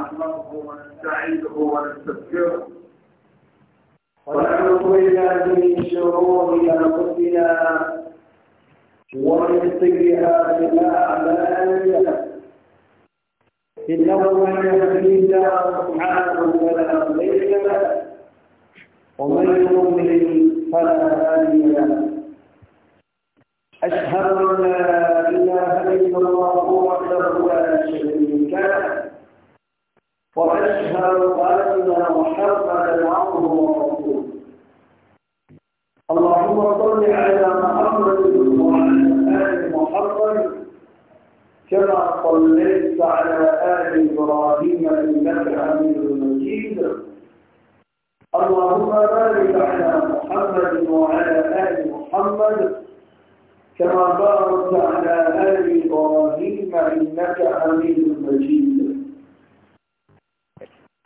نحمده ونستعينه ونستغفره ونعوذ بالله من شرور انفسنا ومن سيئات اعمالنا انه من يهدي الله سبحانه فلا مضل له ومن يضلل فلا هادي له اشهد ان لا اله الا الله وأشهد أن محمدا عبده ورسوله اللهم صل على محمد وعلى آل محمد كما صليت على آل إبراهيم إنك حميد مجيد اللهم بارك على محمد وعلى آل محمد كما باركت على آل إبراهيم إنك حميد مجيد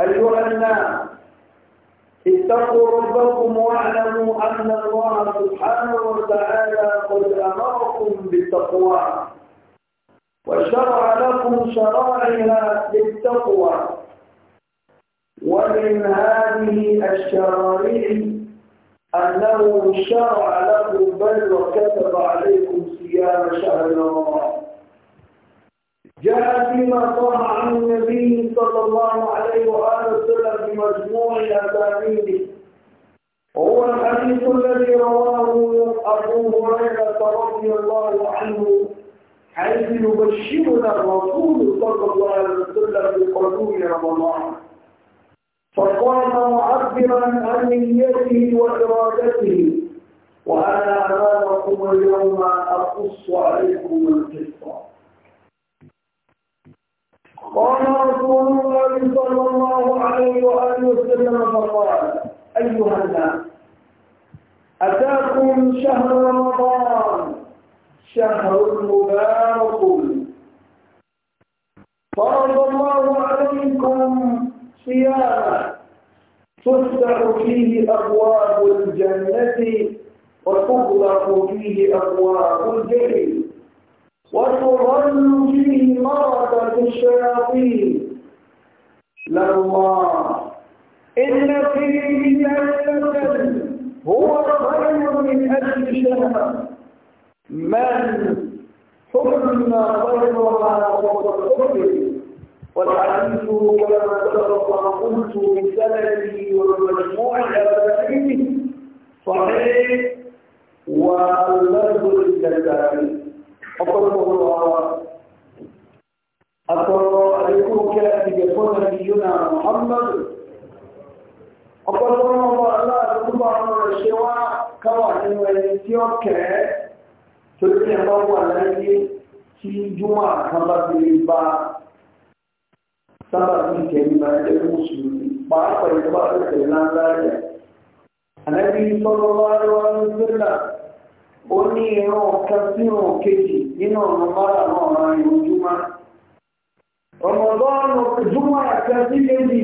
أيها الناس اتقوا ربكم واعلموا أن الله سبحانه وتعالى قد أمركم بالتقوى وشرع لكم شرائع للتقوى ومن هذه الشرائع أنه شرع لكم بل وكتب عليكم صيام شهر رمضان جاء فيما صح عن النبي صلى الله عليه وآله وسلم بمجموع أسانيده وهو الحديث الذي رواه أبو هريرة رضي الله عنه حيث يبشرنا الرسول صلى الله عليه وسلم بقدوم رمضان فقام معبرا عن نيته وإرادته وأنا أمامكم اليوم أقص عليكم القصة قال رسول الله صلى الله عليه وآله وسلم فقال أيها الناس أتاكم شهر رمضان شهر مبارك فرض الله عليكم صيامه تفتح فيه أبواب الجنة وتغلق فيه أبواب الجحيم وتظل فيه مرضة الشياطين لله إن فيه جنة هو خير من أجل شهر من حكم غيرها وقد حكم والحديث كما سبق قلت بسنده ومجموع أبائه صحيح واللفظ للنسائي ọ̀pọ̀lọpọ̀ ọ̀rọ̀ àtọ̀rọ̀ àríkú kẹ́ẹ̀kẹ́ fún ẹ̀yọ́nà Muhammad ọ̀pọ̀lọpọ̀ aláàrúgbà rẹ̀ ṣe wá káwà nínú ẹni tí ó kẹ́ẹ̀ tó ní ẹ̀bá wà láyé tí júmọ̀ àkábàbìrì bá sábàbí kẹ́ẹ̀mí bá ẹgbẹ́ mùsùlùmí pàápàá ìjọba tẹ̀lé ńlá rẹ̀ àlẹ́bí sọ́lọ́lọ́ àríwá ní sílẹ̀ ó ní ìran ọ̀kan sí ìran kejì nínú ọmọbọ́ọ̀lù àwọn ọ̀rọ̀ ìwòjúmọ́ ọmọbọ́ọ̀lù júmọ́ kan sí kejì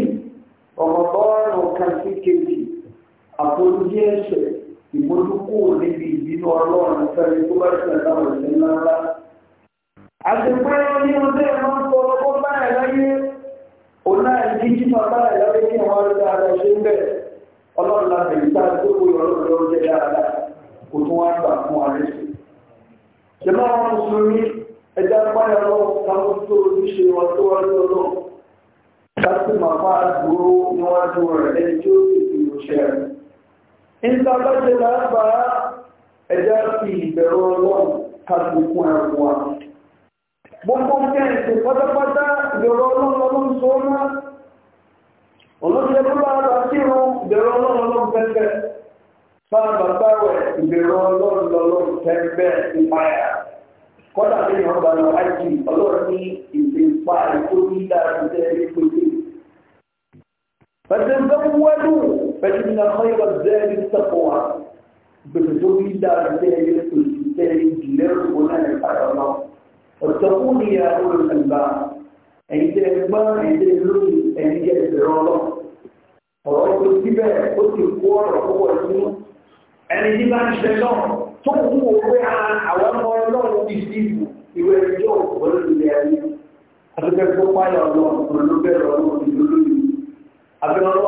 ọmọbọ́ọ̀lù kan sí kejì àforíjì ẹ̀ṣẹ̀ ìmójúkú níbi ìbínú ọlọ́run fẹ́rẹ́ tó bá ṣẹ̀ láwọn ìṣẹ́ ńláńlá àtẹ̀pẹ́ ní ọdẹ máa ń fọwọ́ kó báyà láyé òun náà ní jíjìmọ̀ báyà láyé kí àwọn ọ̀rẹ́dà rẹ̀ ṣe ń bẹ̀ ọlọ́run láti ìta tó kó ìrọ̀lọ́run lọ́jẹ́ dáadáa kò tún wá gbà fún àrẹ́sì jẹmọ́ àwọn mùsùlùmí ẹja páyà lọ káwọn tó ojúṣe wọn tó wá lọ lọ láti máa bá dúró níwájú rẹ̀ ẹni tí ó sì fi òṣè rẹ̀. nígbà bá jẹ lábà ẹja fi ìbẹ̀rù ọlọ́run kàdùnkùn ẹ̀wọ̀n wa. gbogbo kẹ́hìntì pátápátá ìbẹ̀rù ọlọ́run ọlọ́run sọ́ọ́mà ọlọ́run ẹgbẹ́ bá bá kírun ìbẹ̀rù ọlọ́run ọlọ́run pẹ́pẹ́. Báwo báwẹ̀ ìbẹ̀rù ọlọ́run lọ́lọ́run tẹ́gbẹ́ ìpáyà. Kọ́dà ní ìwọ̀n bá lọ ájì ọlọ́run ní ìpè ìpa ètò yíyá ìjẹ́ ìpèsè. Bẹ̀sẹ̀ gbẹ́wọ́dù bẹ̀sẹ̀ ní àwọn ìwà zẹ́ẹ̀rì sẹ́pọ̀ wa. Bẹ̀sẹ̀ tó yíyá ìjẹ́ ìpèsè tẹ́ ìjìnlẹ̀ òun náà ìpàdé ọ̀nà. Ọ̀tọ̀kùn ni ìyàwó rẹ̀ ń bá ẹ̀yin tẹ́ gbọ́n ẹ̀yin tẹ́ lóyún ẹni tí bá ń ṣe náà tó kú òwe ah, àwọn ọmọ ọlọ́run ti sí ìbò ìwé ẹjọ́ òpólùlẹ̀ ayé àtúkẹ́ tó páyà ọlọ́run ló bẹ̀rẹ̀ ọlọ́run ìlú lórí abẹ́rọ́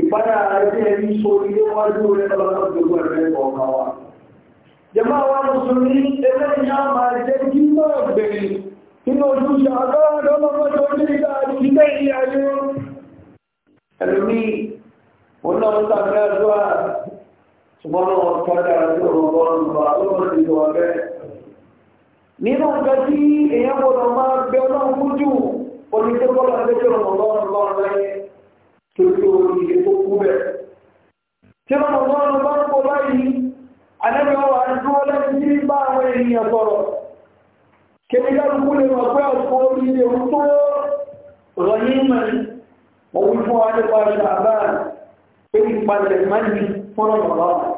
ìpadà ẹgbẹ́ ẹni so ilé wájú rẹ lọ́wọ́ gbogbo ẹ̀rẹ́ ọ̀kan wa jẹmọ́ àwọn mùsùlùmí ẹgbẹ́ ìyá máa jẹ́ kí náà gbẹ̀rẹ̀ nínú ojúṣe àgbáwọ̀dọ́ lọ́wọ́dọ́ nígbà ìgbẹ́ ìyá yóò ẹlòmí òun náà ń tàbí àdúrà ṣùgbọ́n wọn kọjá àti ọgbọ́n ọgbà lọ́wọ́ ti lọ bẹ́ẹ̀. nínú nǹkan tí èèyàn gbọ́dọ̀ máa bẹ ọlọ́run lójú oníṣẹ́gbọ́dọ̀ àgbẹ̀jọ́ ọgbọ́n ọgbọ́n láyé torí orí ètò kú bẹ̀. tí ọgbọ́n ọgbọ́n kọ báyìí anẹ́bẹ̀ wà ń dúró lẹ́yìn tí bá àwọn èèyàn sọ̀rọ̀ kẹ́míkálukú lè mọ̀ pé ọ̀pọ̀ orí ewu tó rọ̀yìn mọ̀ òun fọ́nrán yàrá rẹ̀.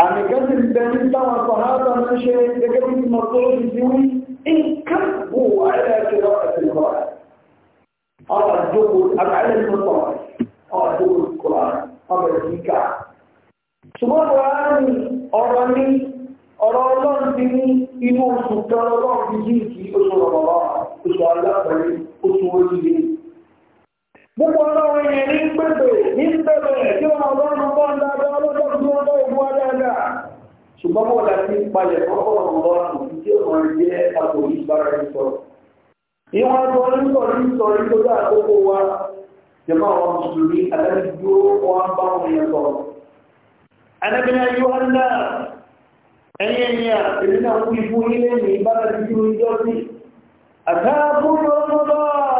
àmì kẹ́sì bẹni táwọn sọ̀hátà ń ṣe gẹ́gẹ́ bí mọ̀tòrò ti wí nǹkan bò àìlẹ́ ti rọ́ ẹ̀sìn kọ́ rẹ̀. ọ̀rọ̀ àjókò àkàlẹ́ ń sọ̀rọ̀ ọ̀rọ̀ àjókò kọ́ ọ̀rọ̀ ìdíkà. ṣùgbọ́n buhari ọ̀rọ̀ ní ọ̀rọ̀ ọlọ́run ti ní inú oṣù kan ọlọ́run ti yí ìkí oṣù rọ̀mọ̀lọ́ oṣù alápẹ̀rẹ̀ oṣù oríire gbogbo ọ̀rọ̀ wọn yẹn ní pẹ̀lú ní pẹ̀lú tí wọn ọlọ́run bọ́ ń dáadáa ọlọ́dọ̀ tí wọn bọ́ ìwú adáadáa ṣùgbọ́n wọn là ti palẹ̀ kọ́kọ́ ọlọ́run tí ó máa jẹ́ àpò ìbára ẹni sọ̀rọ̀ ìwọ̀n tó ń sọ ní sọ̀rọ̀ tó dá àkókò wa jẹ́mọ́ àwọn mùsùlùmí adájọ́ wọn bá wọn yẹn sọ̀rọ̀ anábìnrin ayé wọn náà ẹ̀yìn ẹ̀yìn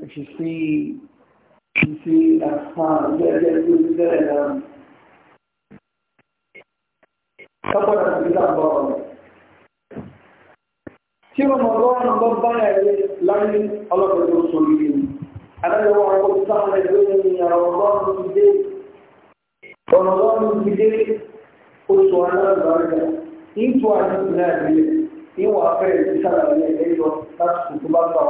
If you see, if you see that plan, you gotta really good at um, couple of examples. Tí wọ́n mọ̀ lọ́wọ́ náà bọ́ bá yà lé láyé ọlọ́pẹ̀lú sórí yìí. Adájọ́ wọn kò sáwọn ẹgbẹ́ ní àwọn ọlọ́run ti dé. Ọ̀nà ọlọ́run ti dé oṣù aláàbàárẹ̀. Ìtú àdúgbò náà nílẹ̀. Ìwọ̀n afẹ́rẹ́ ti sára ilé ẹjọ́ láti kò tó bá gbà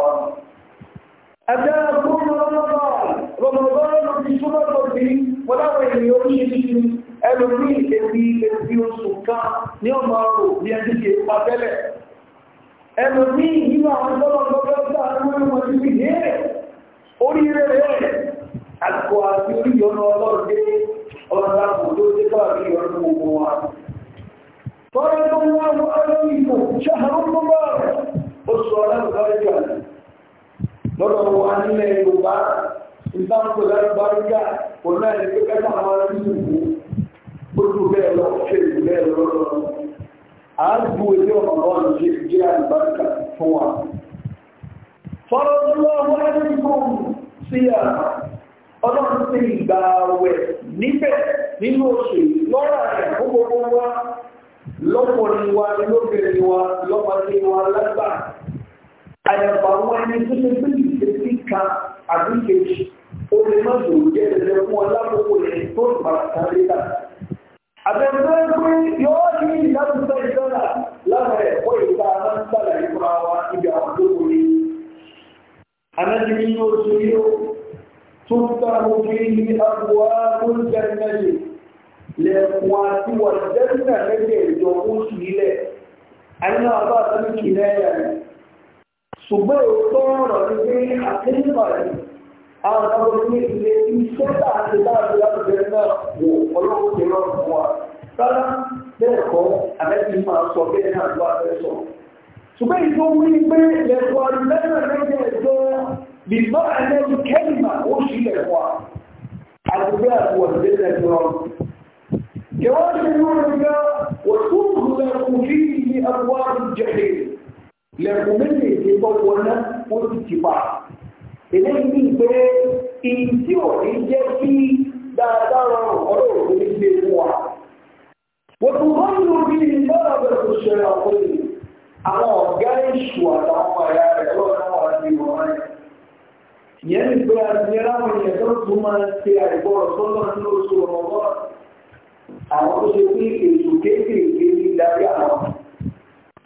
أتاكم رمضان رمضان في سورة ربي ولا وين يوشي ẹlòmí èbí èbí oṣù kan ní ọmọ ọrọ̀ bí ẹni ṣe pa tẹ́lẹ̀ ẹlòmí nínú àwọn tọ́lọ̀lọ́gbọ́gbà àwọn ọmọ ti fi dé orí rẹ̀ rẹ̀ àkọ́ àti orí ọ̀nà ọlọ́dé ọ̀nà àkùdó dé bá rí ọ̀nà gbogbo wa tọ́lẹ̀ tó wá wọ́n ọlọ́rìn kò ṣàhàrùn gbogbo oṣù ọlọ́rìn lọ́dọ̀ wa nílẹ̀ yorùbá ìbámu lárúbáríkà kò náà ní pé kẹta àwọn yúùbù ó dùn bẹ́ẹ̀ lọ ṣe ìlú bẹ́ẹ̀ lọ lọ́dọ̀ à ń bu ilé ọ̀nà wọn ṣe ìjẹ́ àlùbáríkà fún wa. fọ́nà ọdúnlọ́ wọn ní fún sí à ọlọ́run ti ìgbà wẹ̀ níbẹ̀ nínú oṣù lọ́rọ̀ rẹ̀ gbogbo wa lọ́kùnrin wa lóbìnrin wa lọ́mọdé wa lágbà àyàbà wọn ẹni tó ṣe ìdẹ́sí kan àbí kejì ó lè má dòwò jẹ́ ẹ̀rẹ́ fún ọ lákòókò yẹn tó bá tán létà. Àbẹ̀fẹ́ pé yóò ní ìdájúfẹ́ ìdọ́là láwọn ẹ̀kọ́ ìta aláǹtàlà ìfúnra wa ibi àwọn tó kò ní. Anájú ní oṣù yóò tún táwọn fi ní àbúwá tó ń jẹ́ mẹ́lì lẹ́kùn àti wà jẹ́ nígbà mẹ́lì ìjọ oṣù ilẹ̀. Àyínà àbá àtàlù kìí náírà ṣùgbọ́n òótọ́ ọ̀rọ̀ ni pé àtẹ́yìnbà rẹ̀ àwọn ọmọ ní ilé iṣẹ́ láti láti láti bẹ̀rẹ̀ náà wò ọlọ́run ti rọrùn fún wa rárá bẹ́ẹ̀ kọ́ àbẹ́bí máa sọ bẹ́ẹ̀ náà ló àfẹ́ sọ. ṣùgbọ́n ìjọ wí pé lẹ́kọ̀ọ́ lẹ́nà lẹ́yìn ẹ̀jọ́ bìbọ́ ẹlẹ́rú kẹ́lìmà ó ní àwọn àrùn jẹ̀ẹ́ lẹ́kùn méjèèjì tó wọná wọ́n ti ti pa eléyìí ní pé ìyí tí ò ní jẹ́ kí dáadáa rọrùn ọ̀rọ̀ òkú ní gbé wà. wọ́n tún wọ́n ní orí ìbára bẹ̀rẹ̀ tó ṣẹlẹ̀ àkọlẹ̀ àwọn ọ̀gá ìṣù àtàwọn ẹ̀yà rẹ̀ lọ́wọ́ náà wà ní ìwọ̀n rẹ̀. ìyẹn ní pé àtìyẹrẹ àwọn èèyàn tó tún máa ń ṣe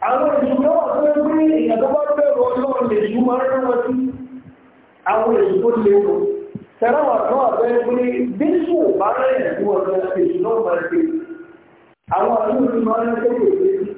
àwọn ìṣúná ọ̀sán pé èèyàn tó bá bẹ̀rù ọlọ́run lè ṣú máa rán wọn sí àwọn èṣù tó lè lò tẹ́láwà náà abẹ́ pé bíṣù bá rẹ̀ ìṣúná ọ̀sán èṣù náà máa ṣe àwọn àdúgbò máa ń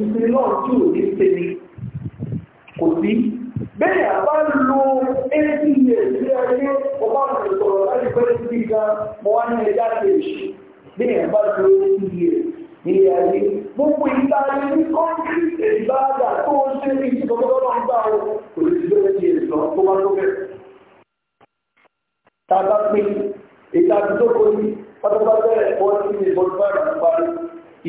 ń sin náà tí ò ní ṣe ni kò sí bẹ́ẹ̀ àbá lo eighty years ní ẹgbẹ́ ọba rẹ̀ sọ̀rọ̀ láti pẹ́ sí ga mọ́ wá ní ẹja kejì bẹ́ẹ̀ àbá lo eighty years ní ayé gbogbo ìta ayé ní kọ́ńtì ìbáàdà tó ń ṣe ní ìṣèjọba ń bá o kò lè ṣe bẹ́ẹ̀ tiẹ̀ lọ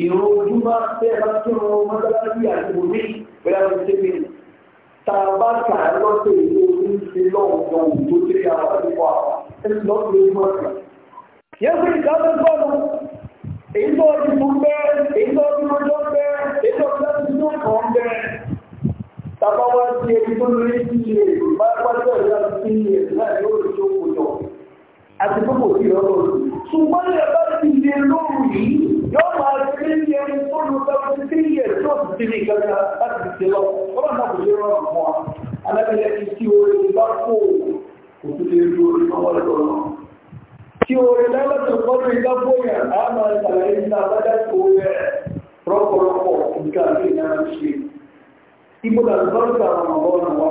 ìrún ojúmọ́ bẹ́ẹ̀ bá kí wọn mọ́tàlájú àti omi bẹ́ẹ̀ ló ṣe mí. tá a bá kà á lọ́sẹ̀ ìlú omi ṣe lọ́wọ́ gan òun tó ṣe àwọn àdúgbò àwọn ẹni lọ́sẹ̀ ojúmọ́ kan. yẹn fi ìdáná gbọ́dọ̀ èyí tó ti tún bẹ́ẹ̀ èyí tó ti lọ́jọ́ bẹ́ẹ̀ èyí tó ti láti tún kàn bẹ́ẹ̀. tàbá wá sí ẹni tó lórí sí ilé ìlú bá pàṣẹ ìlànà sí ilé ìlú náà yóò àti gbogbo sí ọ̀rọ̀ ṣùgbọ́n ilẹ̀ bá ti lè lóru yìí yóò máa gbé ní ẹni tó lu seventy three years tó ti ti ní ìgbàgbà láti ti lọ ọ̀rọ̀ náà kò lè rọrùn mọ́ a alábẹ́lẹ́ ti tí orí bá kó kò tún lè lu orí mọ́ wọ́n lọ́wọ́ tí orí lẹ́lọ́tò kọ́tù ìgbà bóyá a máa ṣàlàyé ní abájá tó rẹ̀ rọ́pọ̀rọpọ̀ nǹkan àti ìyára ṣe ibùdó àti bọ́ọ̀lù àwọn ọmọ ọ̀nà wa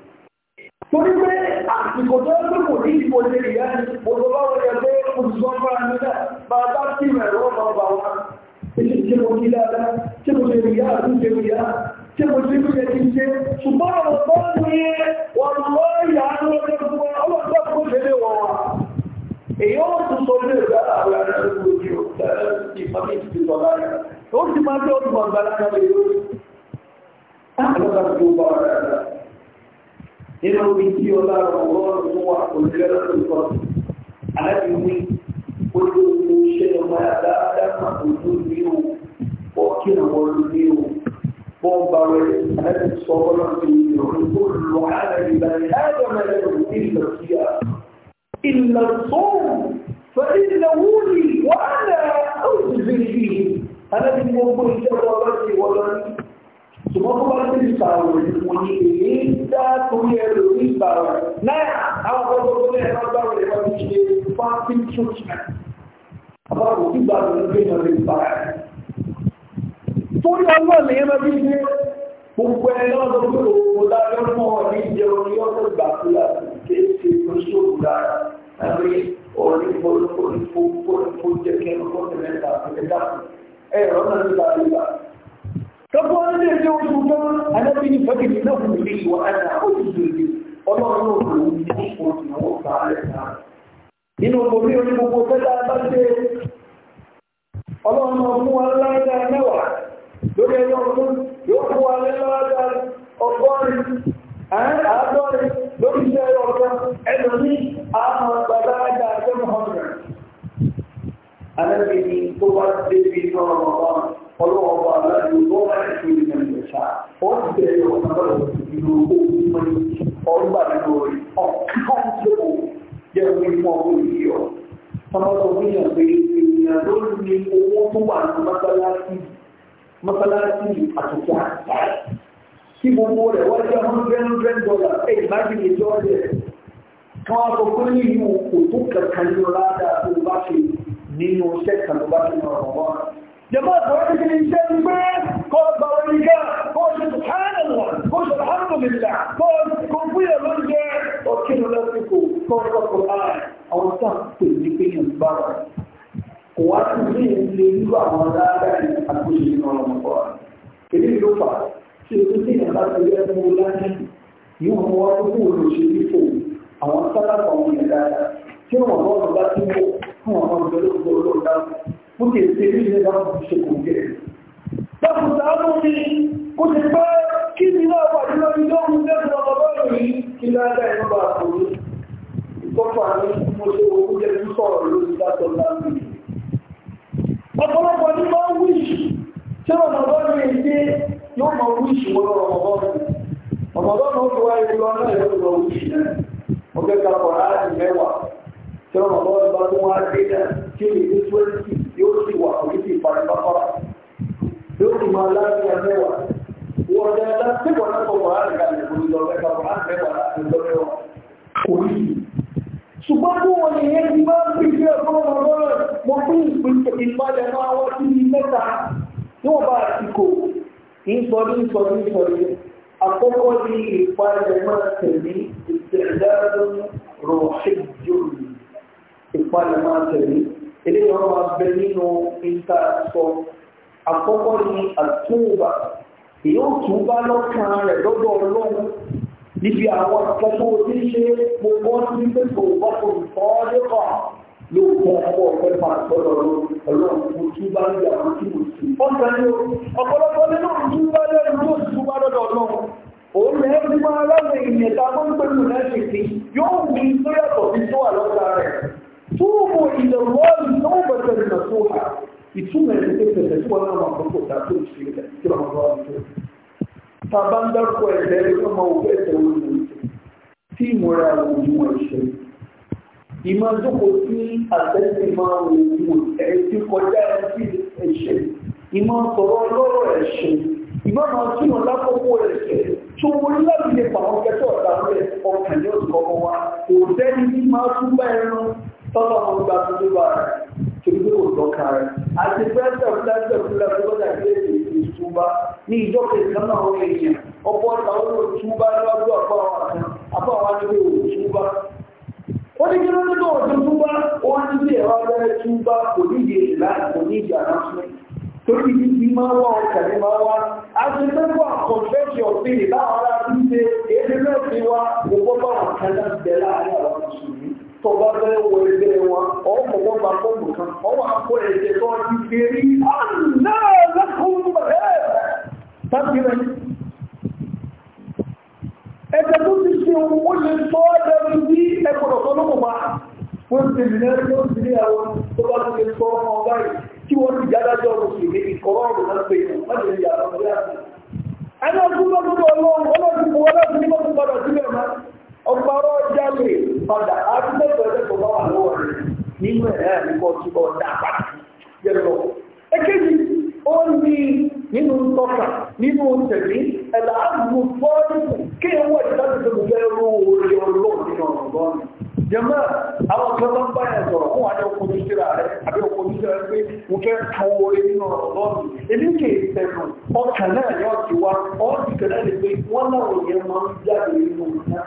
torí pé àsìkò tó ń lòpò ní ìbò lè rí ẹ́ olùlọ́wọ́ yẹ pé olùsọ́ bá ní náà bá bá sí ìrẹ̀rọ ọmọ ọba wa ṣe mo kí dáadáa ṣe mo lè rí yá àti ṣe rí yá ṣe mo ṣe rí yẹ kí n ṣe ṣùgbọ́n àwọn tó ń ní wọn lọ ìyá ló ń lọ fún ọ lọ sí ọkọ lélẹ̀ wọn wa èyí ó tún sọ ilé ìgbà àwọn ará ló ń lò ó ti máa fi ti sọ láyà ó ti máa gbé ọdún ọgbà láyà lè lórí. nínú omi tí ọlọ́run ọlọ́run tó wà olùkẹ́lẹ́ lọ́sọ̀ alábìwí olóòwò ṣe ọmọ dáadáa ojú ní o bọ́ kí àwọn olùdí o bọ́ ń bá rẹ̀ alábì sọ ọlọ́run tó yẹ ọ̀rọ̀ tó lọ alábì báyìí láàbọ̀ mẹ́lẹ̀ ló ní ìlọ sí a. ìlà sóun fẹ́ẹ́lẹ̀ wúni wàhálà ó sì fi fi alábì gbogbo ìjọba ọlọ́run ti wọ́n lọ́rùn ṣùgbọ́n tó bá ti di ìbàwọ̀ ìwọ̀n ni èyí ń dá torí ẹrù ní ìbàwọ̀ náà àwọn ọgbọ́n tó ní ẹ̀rọ gbàwọ̀ ẹ̀rọ ti ṣe fasting treatment àbáwọ̀ tí gbàgbọ́ ní pé ìrọ̀lẹ́ ìbàwọ̀ torí ọgbọ́n lèyẹn máa fi ṣe gbogbo ẹ̀ náà ló pé òkú lábẹ́ fún ọ ní ìjẹun ní ọ̀sẹ̀ gbà tó láti kéèké tó ṣòwò lára tàbí orí fòlùfòlùfò jẹ́ kí ẹnu kọ́ tọ́gbọ́n ní ẹjọ́ oṣù tán alábìnrin fẹ́kìtì náà fún mi wọ ẹ̀rọ àkójúdò ìdí ọlọ́run náà ló ń ní oṣù náà gbà rẹ̀ náà nínú omi orí gbogbo fẹ́ta bá ṣe ọlọ́run náà fún wa láńdá mẹ́wàá lórí ẹjọ́ ọdún yóò fún wa lẹ́lọ́dá ọgọ́rin àádọ́rin lórí iṣẹ́ ọ̀gá ẹ̀dọ̀ ní àwọn gbàgbà àjà seven hundred alábìnrin tó bá débi náà ọlọ́wọ́ bá aláàbò tó wà ní ìpínlẹ̀ nàìjíríà wọ́n ti bẹ̀rẹ̀ ọ̀sán lọ́wọ́ ìlú ogun mọ́ni ọgbà nínú rẹ̀ ọ̀kan tó jẹ́ orí fún ọmọ yìí ọ̀. sọmọdọ̀ fihàn pé ènìyàn ló ní owó tó wà ní mọ́sálásí mọ́sálásí àtúntò àgbà tí gbogbo rẹ̀ wọ́n jẹ́ hundred hundred dollar ẹ̀ ìmájìlì ìjọ rẹ̀ kí wọ́n sọ pé nínú òtún jẹmọ́ ọ̀pọ̀lọpọ̀ ti ní iṣẹ́ ń gbé kọ́ ọgbà orí ká kọ́ ṣe ṣàánàlá kọ́ ṣe alhamdulillah kọ́ fúyẹ̀ lóúnjẹ ọ̀kínú lásìkò kọ́ ọkọ̀ àwọn sáà pè ní pé yẹn bá wà kò wá sí ilé ilé irú àwọn dáadáa ní àkóso nínú ọmọ ọmọ èdè ló fà tí o tún sí ìyàrá tó yẹ kó láti yóò mú wá tó kú olóṣèlú fò àwọn sálábà wọn yẹn dáadáa tí wọn bọ́ ọ̀rọ̀ bá ti wọ̀ fún àwọn ọmọ ìgbẹ́lógbò olóòdáwọ̀ porque deveria dar uma vista com ele. Deputado, o setor que me dá para ir ao milhão de trabalho aí, que lá está em barco. Então, para mim, como se eu pudesse um só, eu está tornando. Mas como para mim, não wish. Se o Ramadão é esse, eu não wish o Ramadão. Ramadão não vai ir lá, não é o não wish, né? Porque aquela parada de mel, se o Ramadão é para um ar, que ele tem 20 yóò sì wà kò ní sí ìparí pápára yóò sì máa láàrin ẹgbẹ́wà wọ́n dáadáa tí wọ́n náà sọ̀rọ̀ láti kalẹ̀ kò ní lọ mẹ́ta kò láti mẹ́wàá láti lọ mẹ́wàá kò ní sí. ṣùgbọ́n tí wọ́n ní yẹn ti máa ń fi sí ẹ̀fọ́ ọlọ́rọ̀ mo fún ìpín ìpalẹ̀ máa wá sí i mẹ́ta níwọ̀n bá àsìkò ìsọ̀rí ní ìpalẹ̀ máa tẹ̀lé ìtẹ̀dáàdọ́ rọ̀ ṣèjọ́ ìpalẹ̀ máa tẹ̀lé eléyìí wọn máa bẹ nínú níta sọ àkọ́kọ́ ni àtúbà èyí ò túbà lọ́kàn rẹ̀ lọ́dọ̀ ọlọ́run níbi àwọn akẹ́kọ̀ọ́ tí ń ṣe gbogbo ní pẹ̀lú ọkọ̀ ìfọ́ọ́lẹ́kọ̀ ló kọ́ ọkọ̀ ọ̀fẹ́ máa sọ̀rọ̀ ọlọ́run mo túbà ní o tí mo sì. ọ̀sẹ̀ ni o nínú túbà lẹ́nu tó túbà lọ́dọ̀ ọlọ́run òun lẹ́yìn tí máa láwọn ènìyàn tá a máa ń pẹ̀lú lẹ́sìn sí yóò wí tó yàtọ̀ sí tó wà lọ́kàn rẹ̀ túbọ̀ ilẹ̀ wọ́ọ̀lù náà bẹ̀rẹ̀ nà tó ha ìtumọ̀ ẹ̀ ṣe pẹ̀lẹ́ tí wọ́n náà wà pọ̀ pọ̀ tó ṣe ilẹ̀ tí wọ́n bá wà tó. tàbá ń dákọ̀ ẹ̀dẹ́ ọmọ òkú ẹ̀sẹ̀ wọn ló ń tẹ̀ tí ìmọ̀ra àwọn ìmọ̀ ìṣẹ́ ìmọ̀ dúkọ̀ sí àtẹ́sí máa ń wo ẹ̀ ti kọjá sí ẹ̀ṣẹ̀ ìmọ̀ sọ̀rọ̀ lọ́rọ̀ ẹ̀ṣẹ̀ ìmọ̀ máa túnmọ̀ lákòókò ẹ̀ṣẹ̀ tó wọlé láti lè pàwọn kẹtọ̀ ọ̀tà rẹ̀ ọkàn yóò sọ̀rọ̀ wa kò sẹ́ni tí máa tún bá ẹran tọ́lọ́ wọn gba tuntun bá rẹ̀ torí kò lọ́ka rẹ̀ àti pẹ́ẹ́sẹ̀ pẹ́ẹ́sẹ̀ pẹ́ẹ́sẹ̀ lọ́dà ilé ìlú ìtúbá ní ìjọba ìkànnà àwọn èèyàn ọ̀pọ̀ àwọn olùtúbá lọ́dọ̀ àpá àwọn àtàn àpá àwọn àti olùtúbá ó ní kí ló ní lọ́wọ́ tó túbá ó wá ní bí ẹ̀rọ abẹ́rẹ́ túbá kò ní ìdí èlà kò ní ìdí àlàáfíà torí ní ti máa wá ọkà ní máa wá ará ti ṣe èdè mẹ́fì wa kò gbọ́dọ̀ àkàndá bẹ̀ àwọn ọ̀sìn tọba fẹ́ wọ ẹgbẹ́ wọn ọkọ̀wọ́ bá fọ́ọ̀mù kan ọwọ́ akọ ẹ̀jẹ̀ tó ti gbèrí àná lẹ́kùn bẹ̀rẹ̀ tàbí rẹ̀. ẹ̀jẹ̀ tó ti ṣe owó lè sọ ọ́ dẹ́rù bí ẹgbọ̀dọ̀ tó ló mọ̀ wá wọ́n ti bìnrin ẹ̀rọ tó ti ní àwọn tó bá ti lè sọ ọmọ báyìí tí wọ́n ti jádájọ́ ọ̀rọ̀ sí ní ìkọ̀rọ̀ ọ̀rọ̀ náà pé ọ̀rọ̀ yàrá ọ̀rẹ́ àti ẹni ọdún lọ́dún ọlọ́run ọlọ́run kò wọlé ọdún nígbà tó padà arúgbó pẹ̀lú tó bá wà lọ́wọ́ rẹ̀ nínú ẹ̀ náà ní kọ́ tí kọ́ dá padà yẹ lọ. èkejì ó ní nínú tọ́ka nínú tẹ̀lé ẹ̀là àgùnbù fọ́ọ̀dù kí ẹ wọ̀ ìdájọ́ tó gbẹ ẹrú orí ọlọ́run nínú ọ̀rọ̀ gọ́ọ̀nù. jẹ́mọ́ àwọn kan bá ń bá yẹn sọ̀rọ̀ fún wa ní ọkọ̀ ojúṣẹ́ra rẹ̀ àbí ọkọ̀ ojúṣẹ́ra pé mo fẹ́ kan orí nínú ọ̀rọ̀ gọ́ọ̀nù. èmi kì í tẹnu ọkàn náà ni ọ̀sìn wa ọ̀sìn kan náà lè pe wọ́n náà ò yẹ máa ń jáde nínú ọ̀nà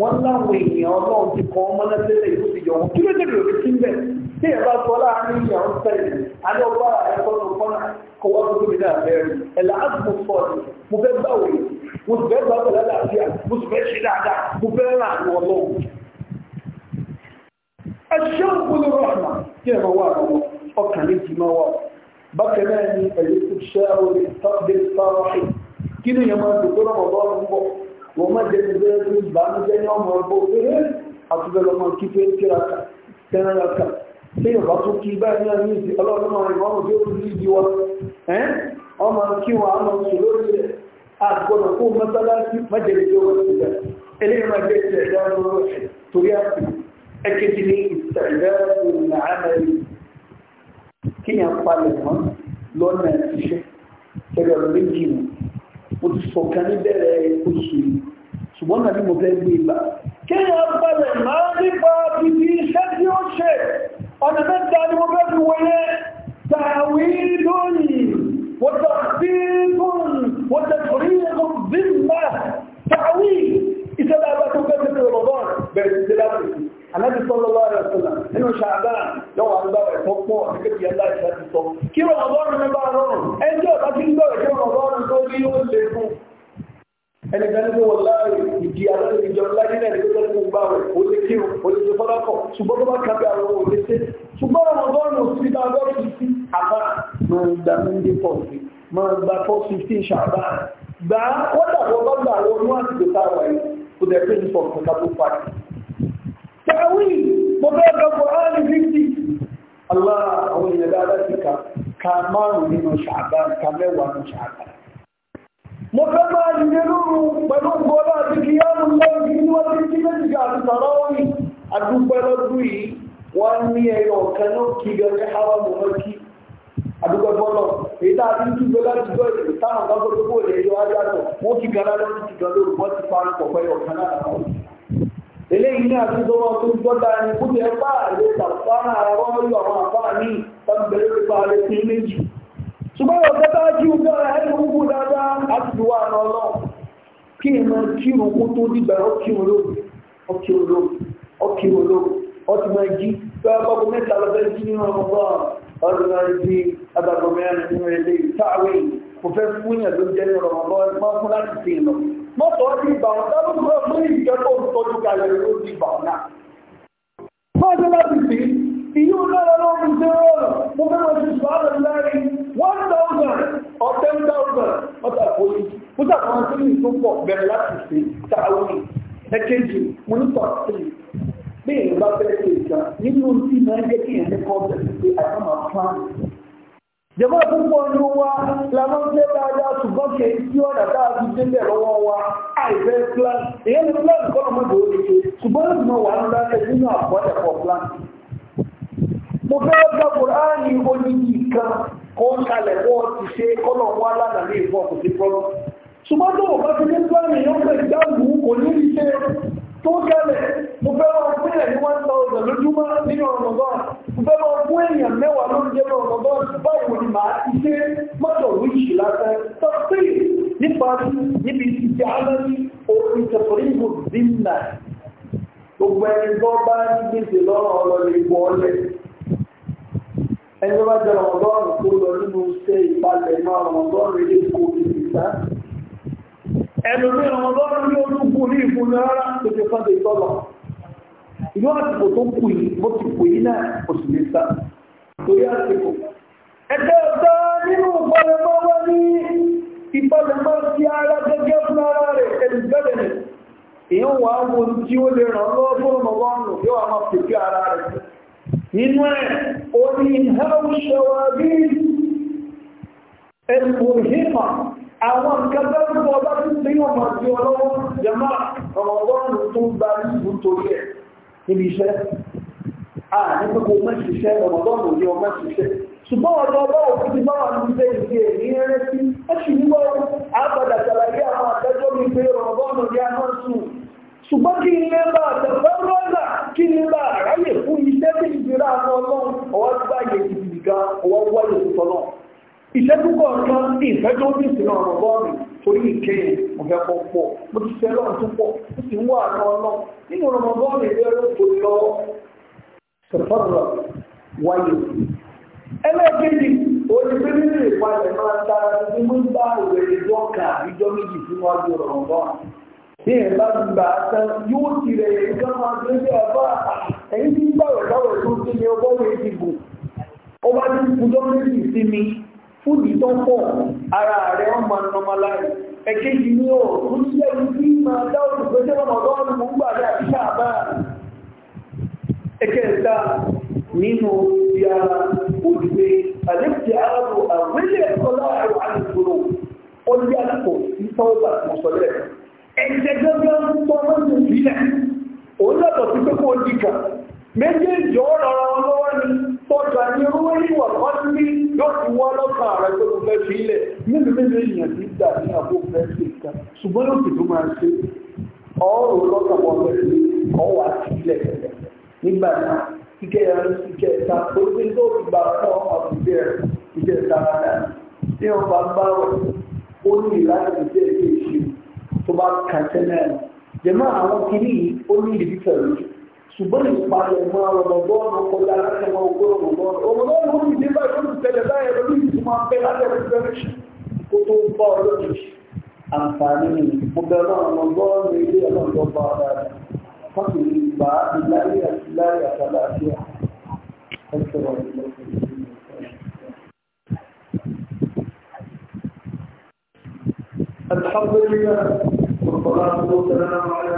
wọ́n láwọn èèyàn ọlọ́run ti kọ́ ọmọ náà lẹ́lẹ̀ ìlú ti yọ wọn kí ló dé lórí sí bẹ́ẹ̀ tí ẹ bá sọ láàrin ìyà ń sẹ́yìn alẹ́ ọba ẹ̀kọ́ tó kọ́nà kọ́ wá tó tóbi náà bẹ́ẹ̀rẹ̀ ẹ̀là á mú sọ ni mo fẹ́ gbà wòye mo sì fẹ́ gbà pẹ̀lú àlàáfíà mo sì fẹ́ ṣe dáadáa mo fẹ́ ràn án wọ lọ́wọ́. ẹ ṣé òkúlù rọ̀hùnà kí ẹ máa wà lọ́wọ́ ọkàn lè jì wà bákan náà ni ẹ̀yẹ wọ́n má jẹ́ ti bẹ́ẹ̀ fún ìbánújẹ́ ní ọmọ ọgbọ́ péré àtúbẹ̀lẹ̀ ọmọ kí pé kíraka kẹrànlaka tí ìbá tún kí báyìí náà ní ìsì ọlọ́run máa ìwọ́n mọ̀ tí ó rí ìdí wa ọmọ kí wọn á lọ sùn lórí rẹ̀ àgbọ̀nà fún mọ́sálásí májèlé tó wọ́n ti bẹ̀ eléyìí máa jẹ́ ìṣẹ̀ ẹ̀dá lọ́wọ́ torí àti ẹ̀kejì ní ìṣẹ̀ mo ti sọ̀kan níbẹ̀rẹ̀ oṣù yìí ṣùgbọ́n nàbí mo fẹ́ gbé ìgbà kí ni abalẹ̀ máa nípa bíbí iṣẹ́ tí ó ṣe ọ̀nà mẹ́ta ni mo fẹ́ fi wọlé tàwí lónìí first fifteen ṣàbá gbà wọ́n dàbọ̀ lọ́gbà wọn ní àsìkò tá a wà yìí kò dẹ̀ pé nípa ọ̀sán kábó pàdé. tẹ̀wí mo fẹ́ lọ fọ áàlì fífì alá àwọn èèyàn dáadáa ti kà ká márùn-ún nínú ṣàbá ká mẹ́wàá nínú ṣàbá. mo fẹ́ máa dìde lóru pẹ̀lú gbọ́dọ̀ àti kìyàmù lẹ́yìn tí wọ́n ti kí méjìlá àti sàrọ́wì àdúgbẹ́ lọ́dún yìí wọ́n ní ẹyọ ọ̀kan náà kí gẹ́gẹ́ àdúgbò bọ́lọ̀ èyí tá a ti ń dúró láti gbọ́ èdè táwọn kan gbọ́dọ̀ kó lè yọ ajá tó wọ́n ti gan lálẹ́ wọ́n ti gan lóru wọ́n ti parí pọ̀ pẹ́ ọ̀kan náà lọ́wọ́. eléyìí ní àtúntò wọn tó ń gbọ́ ta ẹni kó jẹ́ bá àlè tàbí àwọn ọlọ́ àwọn àfáà ní tábìlẹ̀ lórí pa àlè sí méjì. ṣùgbọ́n ọ̀gá tá a jí ń gbọ́ ẹni kúkú dáadáa láti fi wá àná ọlọ́ kí ìmọ̀ kírun kó tó dìgbà ọkírun lóru ọkírun lóru ọkírun lóru ọ ọdún ẹbí agbàgbọ́ mẹ́rin nínú ilé ìtàwé kò fẹ́ fún yẹn ló jẹ́ ní ọ̀rọ̀ ọmọ fún láti fi lọ. mọ́tò ọdún ìgbà wọn tá ló fẹ́ di ìgbà wọn náà. mọ́tò láti fi ìyú náà lọ́wọ́ mi ṣe rọrùn mo fẹ́ lọ sí ìṣòro lẹ́rin one thousand or ten thousand ọ̀tà kòyí kúta kan bí èèyàn bá fẹ́ ṣe ìgbà nínú tí máa ń jẹ́ kí èèyàn ní kọ́ńtẹ̀ sí pé àìsàn máa fún àmì. jẹ̀mọ́ púpọ̀ ní wa la máa ń fẹ́ dáadáa ṣùgbọ́n kì í sí ọ̀nà tá a fi débẹ̀ lọ́wọ́ wa àìfẹ́ plan èyí ni plan kọ́ ọmọ ìdòwò ní ṣe ṣùgbọ́n láti máa wà ń dáadáa nínú àkọọ́lẹ̀ for plan. mo fẹ́ gba kùránì oníyì kan kó ń kalẹ̀ kó ti ṣe kọ́lọ̀ wá lánàá ní ìfọ̀ o bá ti ní plan yóò fẹ́ dáàbò kò ní tó gẹ́lẹ̀ mo fẹ́ máa fún èèyàn ní one thousand lójúmọ́ nínú ọ̀rọ̀mọ̀gán mo fẹ́ máa fún èèyàn mẹ́wàá lóúnjẹ ní ọ̀rọ̀mọ̀gán báyìí ni màá ti ṣe mọ́tò wíṣì lásán tọ́sí nípa níbi ìjà alẹ́bí orí tẹ̀fọ̀rìbù dínà gbogbo ẹni tó bá ń gbèsè lọ́rọ̀ ọlọ́lẹ̀ ìwọ ọlẹ̀ ẹni tó bá jẹ ọ̀rọ̀mọ̀gán tó lọ nínú iṣẹ́ ìpalẹ̀ náà ọ̀rọ̀mọ̀gán rẹ̀ kò ẹnu pé ọmọ lọ́rọ̀ ní olúkú ní ìfún ní rárá tó ti fọ́n ti tọ́lọ̀ ìlú àsìkò tó kù yìí mo ti kù yìí náà kò sì lè sá torí àsìkò ẹgbẹ́ ọ̀tá nínú ìpalẹ̀mọ́ wá ní ìpalẹ̀mọ́ sí ara gẹ́gẹ́ fún ara rẹ̀ ẹnu bẹ́ẹ̀ ni èèyàn wà á wo tí ó lè ràn lọ́wọ́ fún ọmọ lọ́rùn yóò wá máa ara rẹ̀ nínú ẹ̀ ó ní ìhẹ́ òṣèwà bíi ẹnu òhìmà àwọn nǹkan bẹ́ẹ̀ tó ọba tí ń tẹ́yìn ọmọ sí ọlọ́wọ́ jẹmọ́ ọmọ ọgọ́rùn tó ń gba ìlú torí ẹ̀ níbi iṣẹ́ a ní pé kò mẹ́ṣiṣẹ́ ọmọ ọgọ́rùn ní ọmọ ṣiṣẹ́ ṣùgbọ́n ọ̀dọ́ ọba òfin ti bá wà ní ilé ìgbé ní eré sí ẹṣù nígbọ́ àgbàdà ṣàlàyé àwọn àtẹ́jọ́ mi pé ọmọ ọgọ́rùn ní àná sùn ṣùgbọ́n kí ilé bá àtẹ̀fẹ́ rọ́nà kí ilé bá ráyè fún iṣẹ́ tí ìgbéra àwọn ọlọ́run ọwọ́ gbáyé ìdìgá ọwọ́ wáyé ìṣẹ́dúkọ̀ kan ní ìfẹ́ tó ní ìsinmi ọ̀rọ̀ bọ́ọ̀rù torí ìkéyìn ọ̀fẹ́ pọ̀ pọ̀ mo ti fẹ́ lọ́n tó pọ̀ ó sì ń wà àná ọ̀nà nínú ọ̀rọ̀ bọ́ọ̀rù ìbẹ̀rẹ̀ tó lọ sọ̀tọ̀rọ̀ wáyé ẹlẹ́gbẹ̀dì olùgbé nínú ìpalẹ̀ máa ta ní gbígbà ìwé ìjọ kà ìjọ méjì tí wọ́n ju ọ̀rọ̀ bọ́ọ̀rù ní ẹ̀bá gbà tán yóò ti rẹ̀ nǹkan máa tó ṣe àbá ẹ̀yìn tí gbàwẹ̀ káwẹ̀ tó ṣe ní ọgọ́rùn-ún ti gùn ó bá ti sí mi tó pọ̀ ara rẹ̀ wọ́n máa nọmọ láì ẹ̀kejì ní ò ń jẹ́ ibi máa dá òtù pé jẹ́ ọmọ ọdún mú gbà dá sí àbá ẹ̀kẹta nínú ti ara òdìgbé àlẹ́kì arábò àwẹ́lẹ̀ ẹ̀kọ́ láàrọ̀ àìsòrò ó ní àkókò sí tọ́ọ̀bà mọ̀sọ̀lẹ̀ ẹ̀jẹ̀ gẹ́gẹ́ ń tọ́ lọ́sùn sílẹ̀ òun lọ́tọ̀ sí pé kó dìkà méjèèjì tọ́jà ni owó ìwà pàtílì yóò ti wọ́n lọ́kàn ààrẹ tó ló fẹ́ fi ilẹ̀ nínú nínú èèyàn ti dà ní àbò fẹ́ ṣe ìta ṣùgbọ́n yóò ti tó máa ṣe ọ̀rọ̀ lọ́kàn wọn fẹ́ ṣe ọwọ́ àti ilẹ̀ nígbà náà kíkẹ́ ẹ̀rọ ìkẹ́ ẹ̀ta tó ti tó ti gbà fún àbùkù ṣùgbọ́n ìpalẹ̀mọ́ ọ̀rọ̀lọ́gbọ́n ọkọ̀lá látẹ̀mọ́ ogóró ọ̀rọ̀lọ́rọ̀ ọ̀rọ̀lọ́rọ̀ ó ní dé báyìí ó ti tẹ̀lẹ̀ báyìí lórí ìtumọ̀ pé látẹ̀mọ́ fẹ́rẹ̀ṣì kó tó ń bọ́ ọlọ́jì àǹfààní ìgbọ́gbẹ̀rún ọ̀rọ̀lọ́rọ̀ ilé ọlọ́jọba ọ̀rọ̀ rẹ̀ fọ́sì ìgbà ìláyé àti láyé àtàlàáfíà ẹ̀sẹ̀ ọ̀rọ̀lọ́rọ̀ الحمد لله والصلاة والسلام على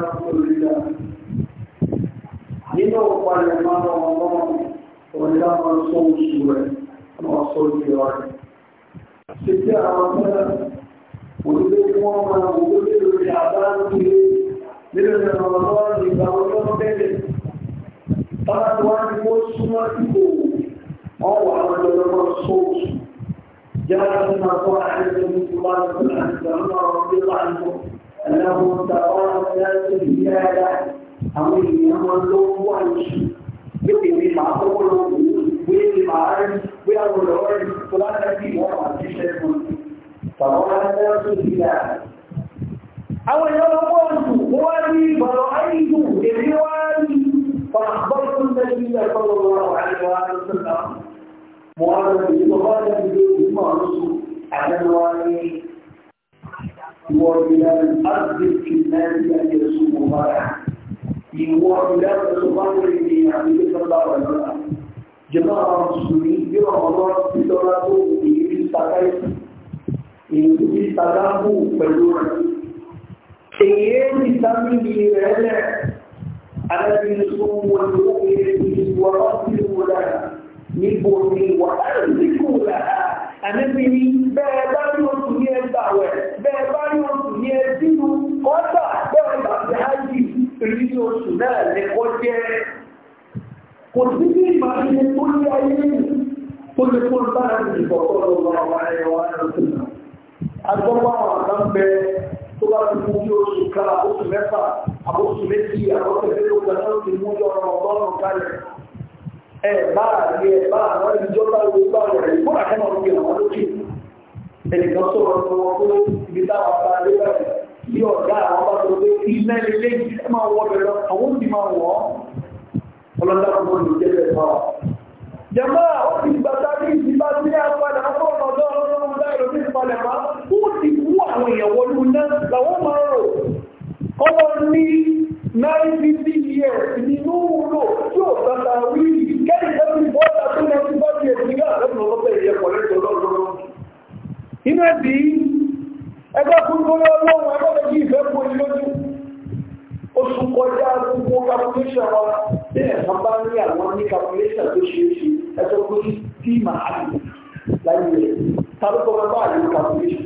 tó palẹ̀ máa lọ ọlọ́run ọ̀dá máa sọ oṣù rẹ̀ máa sọ ìdí rẹ̀. ṣe tí àwọn mẹ́ta òdúdé tí wọ́n máa wò ó lè lórí àbáńkì nínú ìrìnà ọlọ́run ìgbà ọjọ́ bẹ́ẹ̀ bára tó wá ní kó súnmọ́ ìbò wọ́n wà lọ́jọ́ lọ́wọ́ sọ oṣù jáde máa tọ́ àìsàn ìgbà ọjọ́ àti ìgbà ọjọ́ àti ìgbà ọjọ́ àti ìgbà ọjọ́ àti ìgbà ọjọ́ àwọn ènìyàn máa ń lọ wá ìṣù lókè mi máa kọ́kọ́ lọ wò ó wé mi máa rẹ̀ wé àwọn ọ̀rọ̀ rẹ̀ tó lára bí wọ́n máa ti ṣẹ́gun tàbí wọ́n á dára tó ti dà. àwọn èèyàn lọ wọ́n jù wọ́n wá ní ìbọ̀rọ̀ ayélu èmi wá ní fàgbọ́n tó ń tẹ́lẹ̀ nílẹ̀ tọ́lọ́ lọ́wọ́ àìwá lọ́sọ̀tà mọ́ àwọn ènìyàn bá dẹ̀ ní ìgbìmọ̀ ọ̀rọ̀ ومن الأرض في الناس أن يرسموا مرحا ìwọ ìdájọ́ tó bá ń rìn ní àdúgbò sọ́lá ọ̀dọ́là jẹ́mọ́ àwọn mùsùlùmí bí ọ̀rọ̀ ìdọ́lá tó èyí bí sàkáì èyí bí sàdáàbò pẹ̀lú rẹ̀ èyí bí sábìlì rẹ̀ lẹ̀ alábi sún wọn ló ń yẹ kí wọ́n ti wò lára níbo ni wà á lè kó lára rí oṣù náà ní kó jẹ́ kò sí bí ìgbà tí mo tó ní ayé tó lè kó ń bára ní ìbọ̀kọ́ lọ́wọ́ àwọn ẹ̀rọ ayélujára. agbọ́pọ̀ àwọn àgbà ń bẹ tó bá ti mú bí oṣù kan oṣù mẹ́fà àbóṣù méjì àbóṣù méjì ó gbàgbọ́ ti mú yọ ọ̀rọ̀ ọgọ́rùn-ún kalẹ̀. ẹ bá àgbẹ̀ ẹ bá àwọn ìjọba ìwé bá rẹ̀ ìfọ́nà kẹ́nà ọ̀gbìn àwọn lókè ẹnìkan sọ̀rọ̀ lọ́wọ́ bí ọ̀gá àwọn bá tó pé iná ilé ẹ máa wọ bẹ̀rẹ̀ àwọn òbí máa wọ̀ ọlọ́dà kò lè jẹ́ bẹ̀rẹ̀ fún ọ. jẹ̀mọ́ ó ti gbà sáré ti bá sí àpàdà fún ọ̀dọ́ ọlọ́run láì lóbi ìpalẹ̀ máa ó ti wú àwọn èèyàn wọlú náà làwọn máa rò kọ́lọ́ ní náírà bí iye nínú wúlò tí ò bàtà wí kẹ́lí ẹ̀mí bọ́ọ̀tà tó lẹ́nu bọ́ọ̀tì ẹ̀sìn yá lẹ́nu ọlọ́pẹ́ ìyẹn pọ̀ lẹ́nu ọlọ́run inú ẹ̀sìn ẹgbẹ́ fún lórí ọlọ́run ẹgbẹ́ kí ìfẹ́ kò ní lójú oṣù kọjá gbogbo calculation wa bí ẹ̀sán bá ní àwọn ní calculation tó ṣe é ṣe ẹjọ́ kó sí tí màá lò láyé rẹ̀ tàbí kọ́ bá àlè calculation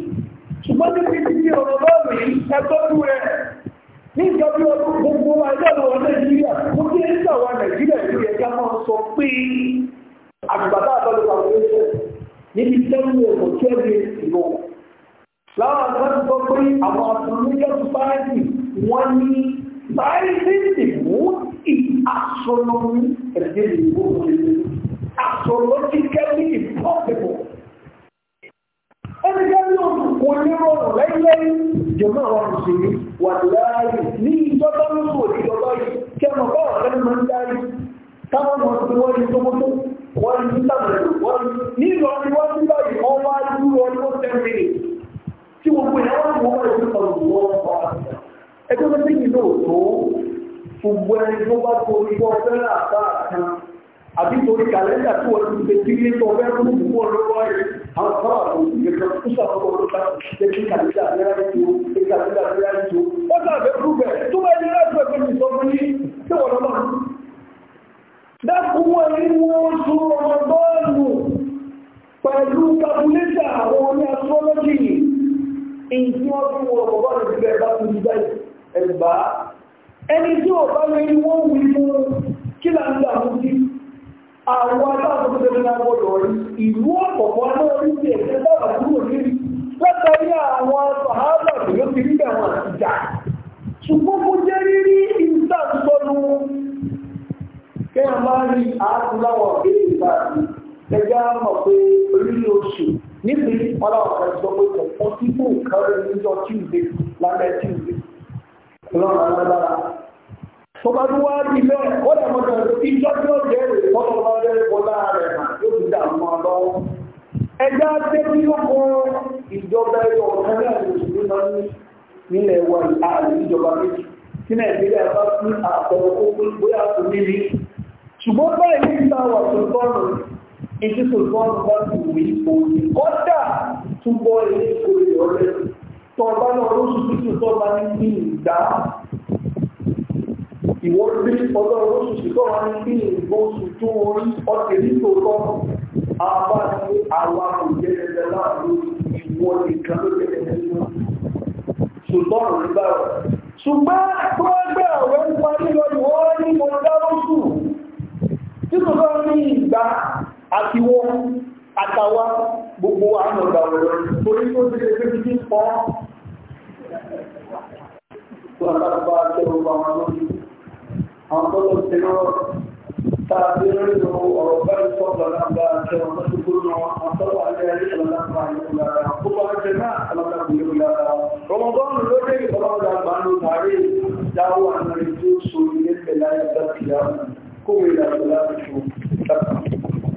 ṣùgbọ́n ní títí tí ọ̀rọ̀ lọ́rùn yìí ẹgbẹ́ tú rẹ̀ ní ìjọba ọdún gbogbo ẹgbẹ́ lọ nàìjíríà mo kí ń sàwà nàìjíríà ìlú ẹ̀ka máa sọ pé àgbàdo àbálò calculation níbi tẹ́lẹ̀ ọ̀pọ̀ kẹ́rin ìlú láwọn kan sọ pé àwọn ọ̀túnlẹ́jọ́ sáyẹ́ǹsì wọ́n ní sáyẹ́ǹsì mú astronomy ẹ̀dẹ́ ìwò impossible. ẹni jẹ́ ní oṣù kò ní rọrùn lẹ́yìn jẹ̀mọ́ àwọn òṣèré wà láàyè ní ìjọba lóṣù òṣìṣọ́lá yìí kí ẹmọ bá wà lẹ́nu máa ń darí táwọn ọmọ tí wọ́n ní tókótó wọ́n ní sísàmù wọ́n ní ìlọrin wọ́n ní báyìí wọ́n wá dúró ọdún tí gbogbo ẹ̀ wọ́n mú wọ́n ti sọ̀rọ̀ wọ́n pa ẹjọ́ tó ti nílò tó gbogbo ẹni tó bá torí bọ́ fẹ́rẹ́ àbá kan àbí torí kàlẹ́ńdà tí wọ́n ti ṣe tí tó fẹ́ fún gbogbo lọ́wọ́ rẹ̀ àwọn kan wà lórí ìgbé kan tó ṣàkóso tó bá ṣe kí kàlẹ́ńdà rẹ̀ rẹ̀ tó ṣe kàlẹ́ńdà rẹ̀ rẹ̀ tó wọ́n sàbẹ̀ rúbẹ̀ tó bá ní láti ẹgbẹ́ mi sọ fún yín tí wọ́n lọ́mọ dákun wọn ní wọ́n tún ọmọ bọ́ọ̀lù pẹ̀lú kàbúlẹ́tà àwọn oní astrology èyí tí wọ́n fi wọ́n bọ́ ní ìgbẹ́ bá fi gbẹ́ ẹgbà ẹni tí ó bá rí wọ́n wí mú kí là ń gbà mú sí àwọn aláàbò tó ní agbọ́dọ̀ rí ìlú ọ̀pọ̀pọ̀ lórí ti ẹ̀sẹ̀ dábà dúró níbi látàrí àwọn sàhábà tó ló ti rí àwọn àtijọ́ ṣùgbọ́n mo jẹ́ rírí ìta sọnù kí a máa rí àádùn láwọn ìlú ìgbà ẹgbẹ́ níbi ọlọ́run kan pé kò fún sípò kan rẹ̀ níjọ tuesday lábẹ́ tuesday lọ́nà lábára tó bá tún di bẹ́ẹ̀ ó lè mọ́tò ìjọ tí ó jẹ́ èrè fọ́tò bá jẹ́ mà yóò fi dààmú wọn lọ́wọ́ ẹgbẹ́ tẹ́tí lóko ìjọba ẹ̀yọ̀ ọ̀kan ní àwọn òṣèlú náà ní nílẹ̀ wa ààrẹ ìjọba méjì tí nàìjíríà bá fún àtọ̀wọ́ ó bóyá kò níbi ètí kò tó ọdún bá ti wù í kò ní kọ́dà túbọ̀ ilé ìkórè ọ̀rẹ́ tó ọba náà lóṣù títù tó ọba ní kí ìgbà ìwọ bí ọjọ́ lóṣù títù ọba ní kí ìgbà oṣù tó orí ọ̀tẹ̀ nítòótọ́ apá ní àwa kò jẹ́ ẹgbẹ́ láàrin ìwọ nìkan ló jẹ́ ẹgbẹ́ náà ṣùgbọ́n òun bá rẹ̀ ṣùgbọ́n tó ẹgbẹ́ ọ̀rẹ́ ń parí lọ ìwọ́n ní mo dá lóṣù títù tó ní ìgbà àtiwọ́ àtàwà gbogbo àwọn ọ̀gbà ọ̀rọ̀ torí tó ti lè fi ti pọ́ tó àtàkùbà àtẹ́rù àwọn lórí àwọn tó lọ sí náà tààbí nínú ọ̀rọ̀ bẹ́ẹ̀ sọ́ọ̀lọ́ lábẹ́ àtẹ́rù lọ́sùkú náà àtọ́wà alẹ́ alẹ́ alágbà yóò lára gbogbo àjẹ náà alágbà yóò